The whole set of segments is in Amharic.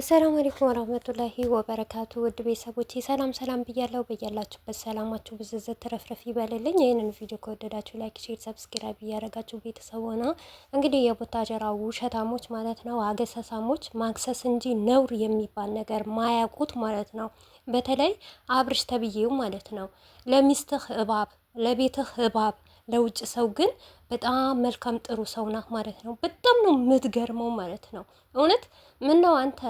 አሰላሙ አለይኩም ወራህመቱላሂ ወበረካቱ ውድ ቤተሰቦች ሰላም ሰላም ብያለሁ። በያላችሁበት ሰላማችሁ ብዝዝት ትረፍረፍ ይበልልኝ። ይህንን ቪዲዮ ከወደዳችሁ ላይክ፣ ሼር፣ ሰብስክራይብ እያደረጋችሁ ቤተሰብ ሆና እንግዲህ የቡታጀራ ውሸታሞች ማለት ነው አገሰሳሞች ማክሰስ እንጂ ነውር የሚባል ነገር ማያውቁት ማለት ነው። በተለይ አብርሽ ተብዬው ማለት ነው ለሚስትህ እባብ፣ ለቤትህ እባብ፣ ለውጭ ሰው ግን በጣም መልካም ጥሩ ሰው ናት ማለት ነው። በጣም ነው የምትገርመው ማለት ነው። እውነት ምን ነው አንተ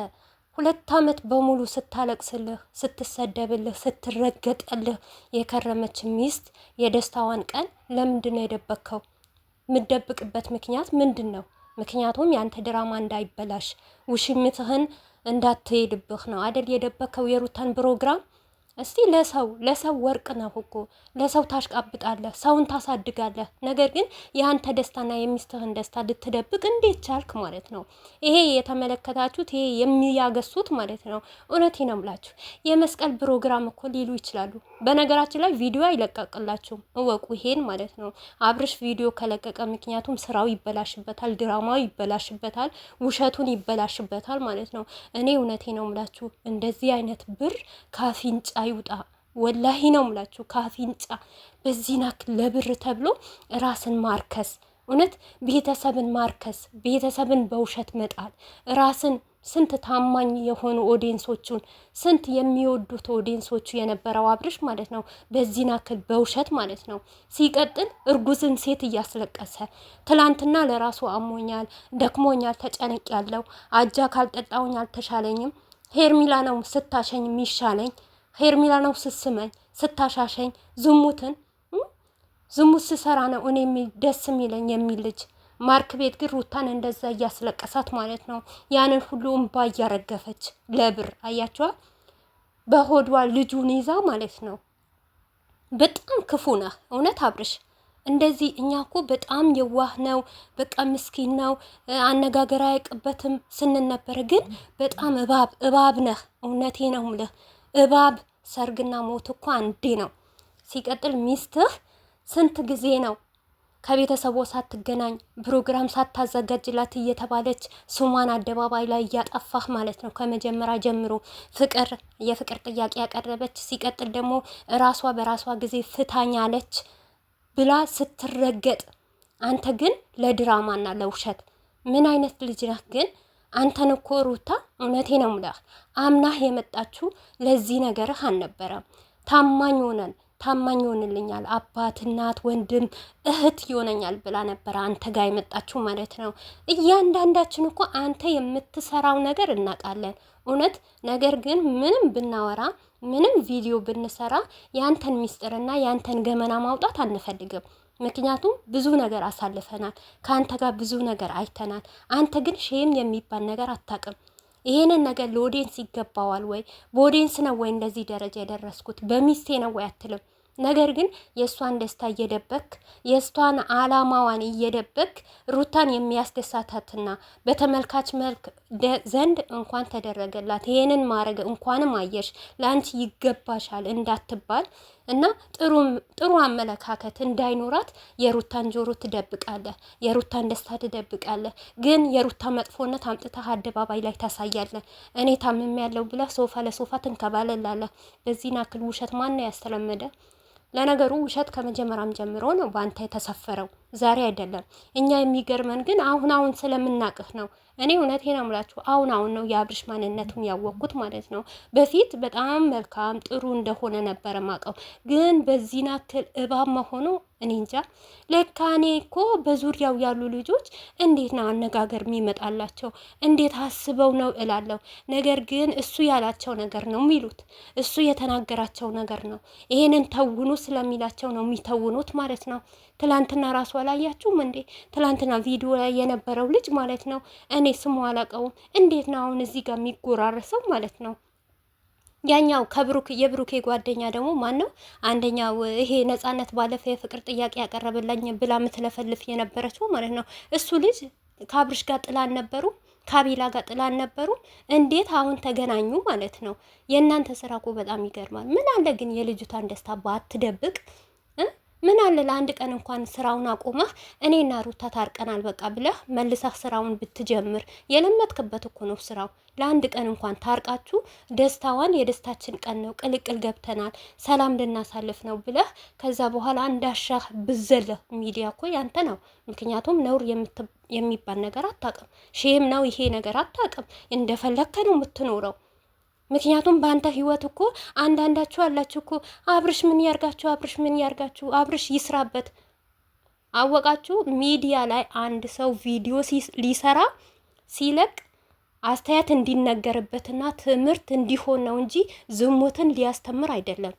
ሁለት አመት በሙሉ ስታለቅስልህ፣ ስትሰደብልህ፣ ስትረገጠልህ የከረመች ሚስት የደስታዋን ቀን ለምንድን ነው የደበከው? የምደብቅበት ምክንያት ምንድን ነው? ምክንያቱም የአንተ ድራማ እንዳይበላሽ ውሽምትህን እንዳትሄድብህ ነው አደል የደበከው የሩታን ፕሮግራም እስቲ ለሰው ለሰው ወርቅ ነው እኮ ለሰው ታሽቃብጣለህ፣ ሰውን ታሳድጋለህ። ነገር ግን የአንተ ደስታና የሚስትህን ደስታ ልትደብቅ እንዴት ቻልክ ማለት ነው። ይሄ የተመለከታችሁት ይሄ የሚያገሱት ማለት ነው። እውነቴ ነው ምላችሁ የመስቀል ፕሮግራም እኮ ሊሉ ይችላሉ። በነገራችን ላይ ቪዲዮ አይለቀቅላችሁም እወቁ፣ ይሄን ማለት ነው። አብርሽ ቪዲዮ ከለቀቀ ምክንያቱም ስራው ይበላሽበታል፣ ድራማው ይበላሽበታል፣ ውሸቱን ይበላሽበታል ማለት ነው። እኔ እውነቴ ነው ምላችሁ እንደዚህ አይነት ብር ካፊንጫ አይውጣ። ወላሂ ነው ምላችሁ ከአፍንጫ በዚህ ናክ ለብር ተብሎ ራስን ማርከስ፣ እውነት ቤተሰብን ማርከስ፣ ቤተሰብን በውሸት መጣል፣ ራስን ስንት ታማኝ የሆኑ ኦዲንሶቹን ስንት የሚወዱት ኦዲንሶቹ የነበረው አብርሽ ማለት ነው። በዚህ ናክል በውሸት ማለት ነው። ሲቀጥል እርጉዝን ሴት እያስለቀሰ ትላንትና ለራሱ አሞኛል፣ ደክሞኛል፣ ተጨነቅ ያለው አጃ ካልጠጣውኝ አልተሻለኝም፣ ሄርሚላ ነው ስታሸኝ የሚሻለኝ ሄርሚላ ነው ስስመኝ ስታሻሸኝ ዝሙትን ዝሙት ስሰራ ነው እኔ ደስ የሚለኝ የሚል ልጅ ማርክ ቤት ግን ሩታን እንደዛ እያስለቀሳት ማለት ነው። ያንን ሁሉ እምባ እያረገፈች ለብር አያቸዋል። በሆዷ ልጁን ይዛ ማለት ነው። በጣም ክፉ ነህ እውነት አብርሽ። እንደዚህ እኛ እኮ በጣም የዋህ ነው፣ በቃ ምስኪን ነው፣ አነጋገር አያውቅበትም ስንነበር ነበረ። ግን በጣም እባብ እባብ ነህ። እውነቴ ነው ምልህ እባብ ሰርግና ሞት እኮ አንዴ ነው። ሲቀጥል ሚስትህ ስንት ጊዜ ነው ከቤተሰቦ ሳትገናኝ ፕሮግራም ሳታዘጋጅላት እየተባለች ስሟን አደባባይ ላይ እያጠፋህ ማለት ነው። ከመጀመሪያ ጀምሮ ፍቅር የፍቅር ጥያቄ ያቀረበች ሲቀጥል ደግሞ ራሷ በራሷ ጊዜ ፍታኝ አለች ብላ ስትረገጥ፣ አንተ ግን ለድራማና ለውሸት ምን አይነት ልጅ ነህ ግን? አንተን እኮ ሩታ እውነቴ ነው ምላህ አምናህ የመጣችሁ ለዚህ ነገርህ አልነበረም። ታማኝ ሆነን ታማኝ ይሆንልኛል አባት፣ እናት፣ ወንድም፣ እህት ይሆነኛል ብላ ነበረ አንተ ጋር የመጣችሁ ማለት ነው። እያንዳንዳችን እኮ አንተ የምትሰራው ነገር እናውቃለን እውነት። ነገር ግን ምንም ብናወራ ምንም ቪዲዮ ብንሰራ ያንተን ሚስጥርና ያንተን ገመና ማውጣት አንፈልግም። ምክንያቱም ብዙ ነገር አሳልፈናል፣ ከአንተ ጋር ብዙ ነገር አይተናል። አንተ ግን ሼም የሚባል ነገር አታውቅም። ይሄንን ነገር ለኦዲንስ ይገባዋል ወይ? በኦዲየንስ ነው ወይ እንደዚህ ደረጃ የደረስኩት በሚስቴ ነው ወይ አትልም። ነገር ግን የእሷን ደስታ እየደበክ የእሷን አላማዋን እየደበክ ሩታን የሚያስደሳታትና በተመልካች መልክ ዘንድ እንኳን ተደረገላት ይሄንን ማድረግ እንኳንም አየሽ ለአንቺ ይገባሻል እንዳትባል እና ጥሩ አመለካከት እንዳይኖራት የሩታን ጆሮ ትደብቃለህ፣ የሩታን ደስታ ትደብቃለህ። ግን የሩታ መጥፎነት አምጥተህ አደባባይ ላይ ታሳያለህ። እኔ ታምም ያለው ብለህ ሶፋ ለሶፋ ትንከባለላለህ። በዚህን አክል ውሸት ማን ነው ያስተለመደ? ለነገሩ ውሸት ከመጀመሪያም ጀምሮ ነው በአንተ የተሰፈረው። ዛሬ አይደለም። እኛ የሚገርመን ግን አሁን አሁን ስለምናቅህ ነው። እኔ እውነቴን አምላችሁ አሁን አሁን ነው የአብርሽ ማንነቱን ያወቅኩት ማለት ነው። በፊት በጣም መልካም ጥሩ እንደሆነ ነበረ ማቀው፣ ግን በዚህን ያክል እባብ መሆኑ እኔ እንጃ። ለካ እኔ እኮ በዙሪያው ያሉ ልጆች እንዴት ነው አነጋገር የሚመጣላቸው እንዴት አስበው ነው እላለሁ። ነገር ግን እሱ ያላቸው ነገር ነው የሚሉት፣ እሱ የተናገራቸው ነገር ነው። ይሄንን ተውኑ ስለሚላቸው ነው የሚተውኑት ማለት ነው። ትላንትና ራሷ አላያችሁም እንዴ? ትላንትና ቪዲዮ ላይ የነበረው ልጅ ማለት ነው። እኔ ስሙ አላውቀውም። እንዴት ነው አሁን እዚህ ጋር የሚጎራረሰው ማለት ነው? ያኛው ከብሩክ የብሩኬ ጓደኛ ደግሞ ማን ነው? አንደኛው ይሄ ነጻነት ባለፈ የፍቅር ጥያቄ ያቀረበላኝ ብላ ምትለፈልፍ የነበረችው ማለት ነው። እሱ ልጅ ከአብርሽ ጋር ጥላን ነበሩ ካቢላ ጋር ጥላን ነበሩ። እንዴት አሁን ተገናኙ ማለት ነው? የእናንተ ስራ እኮ በጣም ይገርማል። ምን አለ ግን የልጅቷን ደስታ ባትደብቅ ምን አለ ለአንድ ቀን እንኳን ስራውን አቁመህ እኔና ሩታ ታርቀናል በቃ ብለህ መልሰህ ስራውን ብትጀምር። የለመትክበት እኮ ነው ስራው። ለአንድ ቀን እንኳን ታርቃችሁ ደስታዋን የደስታችን ቀን ነው ቅልቅል ገብተናል ሰላም ልናሳልፍ ነው ብለህ ከዛ በኋላ እንዳሻህ ብዘለህ። ሚዲያ እኮ ያንተ ነው። ምክንያቱም ነውር የሚባል ነገር አታውቅም። ሼም ነው ይሄ ነገር አታውቅም። እንደፈለግከ ነው የምትኖረው። ምክንያቱም በአንተ ህይወት እኮ አንዳንዳችሁ አላችሁ እኮ አብርሽ ምን ያርጋችሁ፣ አብርሽ ምን ያርጋችሁ፣ አብርሽ ይስራበት። አወቃችሁ ሚዲያ ላይ አንድ ሰው ቪዲዮ ሊሰራ ሲለቅ አስተያየት እንዲነገርበትና ትምህርት እንዲሆን ነው እንጂ ዝሙትን ሊያስተምር አይደለም።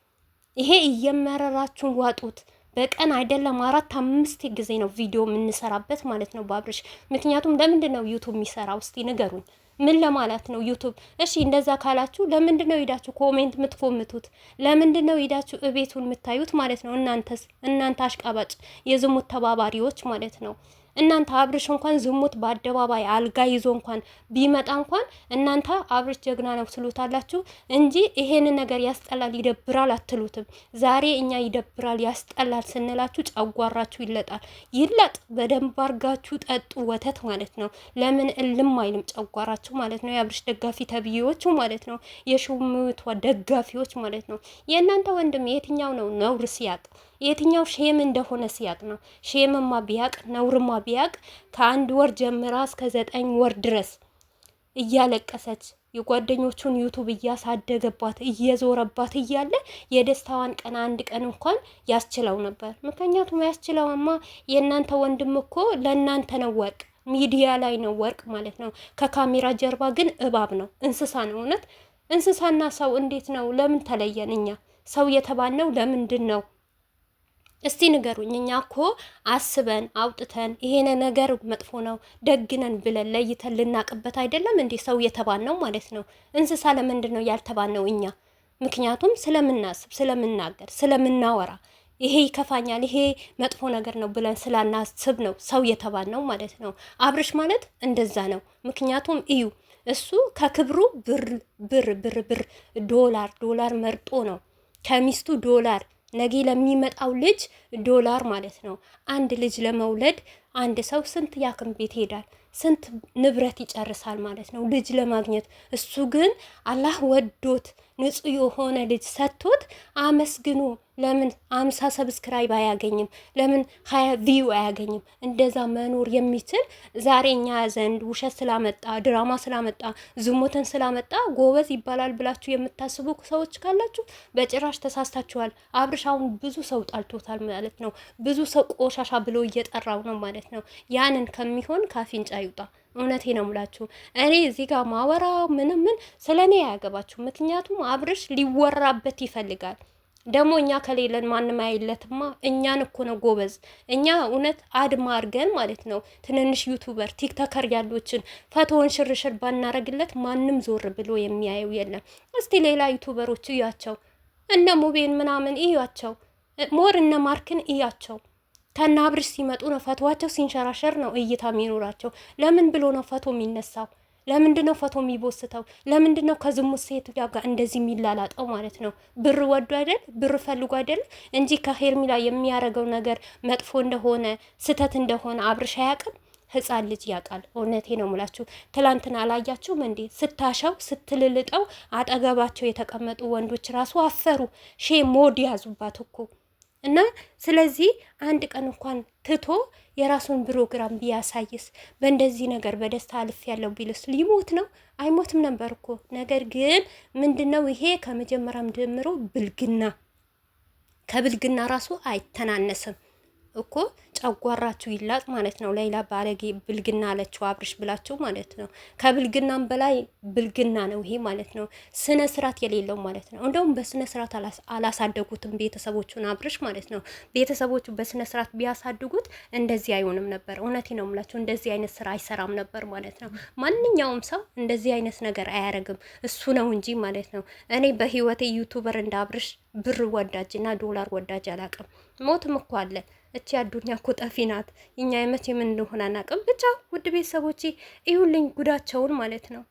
ይሄ እየመረራችሁን ዋጡት። በቀን አይደለም አራት አምስት ጊዜ ነው ቪዲዮ የምንሰራበት ማለት ነው በአብርሽ ምክንያቱም ለምንድን ነው ዩቱብ የሚሰራ? እስቲ ንገሩኝ። ምን ለማለት ነው ዩቱብ? እሺ እንደዛ ካላችሁ ለምንድን ነው ሂዳችሁ ኮሜንት የምትኮምቱት? ለምንድን ነው ሂዳችሁ እቤቱን የምታዩት ማለት ነው? እናንተስ እናንተ አሽቃባጭ የዝሙት ተባባሪዎች ማለት ነው። እናንተ አብርሽ እንኳን ዝሙት በአደባባይ አልጋ ይዞ እንኳን ቢመጣ እንኳን እናንተ አብርሽ ጀግና ነው ትሉታላችሁ እንጂ ይሄንን ነገር ያስጠላል፣ ይደብራል አትሉትም። ዛሬ እኛ ይደብራል፣ ያስጠላል ስንላችሁ ጨጓራችሁ ይለጣል። ይለጥ በደንብ አርጋችሁ ጠጡ፣ ወተት ማለት ነው። ለምን እልም አይልም ጨጓራችሁ ማለት ነው። የአብርሽ ደጋፊ ተብዬዎቹ ማለት ነው፣ የሹምቷ ደጋፊዎች ማለት ነው። የእናንተ ወንድም የትኛው ነው ነውር ሲያጥ የትኛው ሼም እንደሆነ ሲያቅ ነው። ሼምማ ቢያቅ ነውርማ ቢያቅ ከአንድ ወር ጀምራ እስከ ዘጠኝ ወር ድረስ እያለቀሰች የጓደኞቹን ዩቱብ እያሳደገባት እየዞረባት እያለ የደስታዋን ቀን አንድ ቀን እንኳን ያስችለው ነበር። ምክንያቱም ያስችለውማ የእናንተ ወንድም እኮ ለእናንተ ነው ወርቅ፣ ሚዲያ ላይ ነው ወርቅ ማለት ነው። ከካሜራ ጀርባ ግን እባብ ነው፣ እንስሳ ነው። እውነት እንስሳና ሰው እንዴት ነው? ለምን ተለየን? እኛ ሰው የተባልነው ለምንድን ነው? እስቲ ንገሩኝ። እኛ እኮ አስበን አውጥተን ይሄን ነገር መጥፎ ነው ደግነን ብለን ለይተን ልናቅበት አይደለም እንዲህ ሰው የተባነው ማለት ነው። እንስሳ ለምንድን ነው ያልተባነው እኛ? ምክንያቱም ስለምናስብ፣ ስለምናገር፣ ስለምናወራ ይሄ ይከፋኛል፣ ይሄ መጥፎ ነገር ነው ብለን ስላናስብ ነው ሰው የተባነው ማለት ነው። አብርሽ ማለት እንደዛ ነው። ምክንያቱም እዩ እሱ ከክብሩ ብር ብር ብር ብር ዶላር ዶላር መርጦ ነው ከሚስቱ ዶላር ነገ ለሚመጣው ልጅ ዶላር ማለት ነው። አንድ ልጅ ለመውለድ አንድ ሰው ስንት ያክም ቤት ይሄዳል፣ ስንት ንብረት ይጨርሳል ማለት ነው ልጅ ለማግኘት። እሱ ግን አላህ ወዶት ንጹህ የሆነ ልጅ ሰጥቶት አመስግኖ ለምን አምሳ ሰብስክራይብ አያገኝም? ለምን ሀያ ቪው አያገኝም? እንደዛ መኖር የሚችል ዛሬ እኛ ዘንድ ውሸት ስላመጣ ድራማ ስላመጣ ዝሙትን ስላመጣ ጎበዝ ይባላል ብላችሁ የምታስቡ ሰዎች ካላችሁ በጭራሽ ተሳስታችኋል። አብርሽ አሁን ብዙ ሰው ጣልቶታል ማለት ነው። ብዙ ሰው ቆሻሻ ብሎ እየጠራው ነው ማለት ነው። ያንን ከሚሆን ካፍንጫ ይውጣ። እውነቴ ነው ምላችሁ እኔ እዚህ ጋር ማወራ ምንም ምን ስለ እኔ አያገባችሁ። ምክንያቱም አብርሽ ሊወራበት ይፈልጋል። ደግሞ እኛ ከሌለን ማንም አይለትማ። እኛን እኮ ነው ጎበዝ። እኛ እውነት አድማ አድርገን ማለት ነው ትንንሽ ዩቱበር ቲክቶከር ያሉችን ፈቶውን ሽርሽር ባናረግለት ማንም ዞር ብሎ የሚያየው የለም። እስቲ ሌላ ዩቱበሮች እያቸው፣ እነ ሙቤን ምናምን እያቸው፣ ሞር እነ ማርክን እያቸው ተና አብርሽ ሲመጡ ነው ፈቷቸው ሲንሸራሸር ነው እይታ የሚኖራቸው። ለምን ብሎ ነው ፈቶ የሚነሳው? ለምንድን ነው ፈቶ የሚቦስተው? ለምንድን ነው ከዝሙት ሴት ጋር እንደዚህ የሚላላጠው ማለት ነው? ብር ወዶ አይደል? ብር ፈልጎ አይደል? እንጂ ከሄርሚላ የሚያደርገው ነገር መጥፎ እንደሆነ ስተት እንደሆነ አብርሽ አያውቅም። ህፃን ልጅ ያውቃል። እውነቴ ነው ሙላችሁ። ትላንትና አላያችሁም እንዴ? ስታሻው ስትልልጠው አጠገባቸው የተቀመጡ ወንዶች ራሱ አፈሩ። ሼ ሞድ ያዙባት እኮ እና ስለዚህ አንድ ቀን እንኳን ትቶ የራሱን ፕሮግራም ቢያሳይስ በእንደዚህ ነገር በደስታ አልፍ ያለው ቢልስ ሊሞት ነው አይሞትም ነበር እኮ ነገር ግን ምንድን ነው ይሄ ከመጀመሪያም ጀምሮ ብልግና ከብልግና ራሱ አይተናነስም እኮ ጨጓራችሁ ይላጥ ማለት ነው። ሌላ ባለጌ ብልግና አለችው አብርሽ ብላችሁ ማለት ነው። ከብልግናም በላይ ብልግና ነው ይሄ ማለት ነው። ስነ ስርዓት የሌለው ማለት ነው። እንደውም በስነ ስርዓት አላሳደጉትም ቤተሰቦቹን አብርሽ ማለት ነው። ቤተሰቦቹ በስነ ስርዓት ቢያሳድጉት እንደዚህ አይሆንም ነበር። እውነቴ ነው የምላችሁ እንደዚህ አይነት ስራ አይሰራም ነበር ማለት ነው። ማንኛውም ሰው እንደዚህ አይነት ነገር አያረግም እሱ ነው እንጂ ማለት ነው። እኔ በህይወቴ ዩቱበር እንደ አብርሽ ብር ወዳጅ እና ዶላር ወዳጅ አላውቅም። ሞትም እኮ አለ እቺ አዱኛ እኮ ጠፊ ናት። እኛ የመቼ ምን እንደሆነ አናቅም። ብቻ ውድ ቤተሰቦቼ ይሁልኝ ጉዳቸውን ማለት ነው።